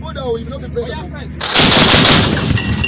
go down, you will not be present. Oh,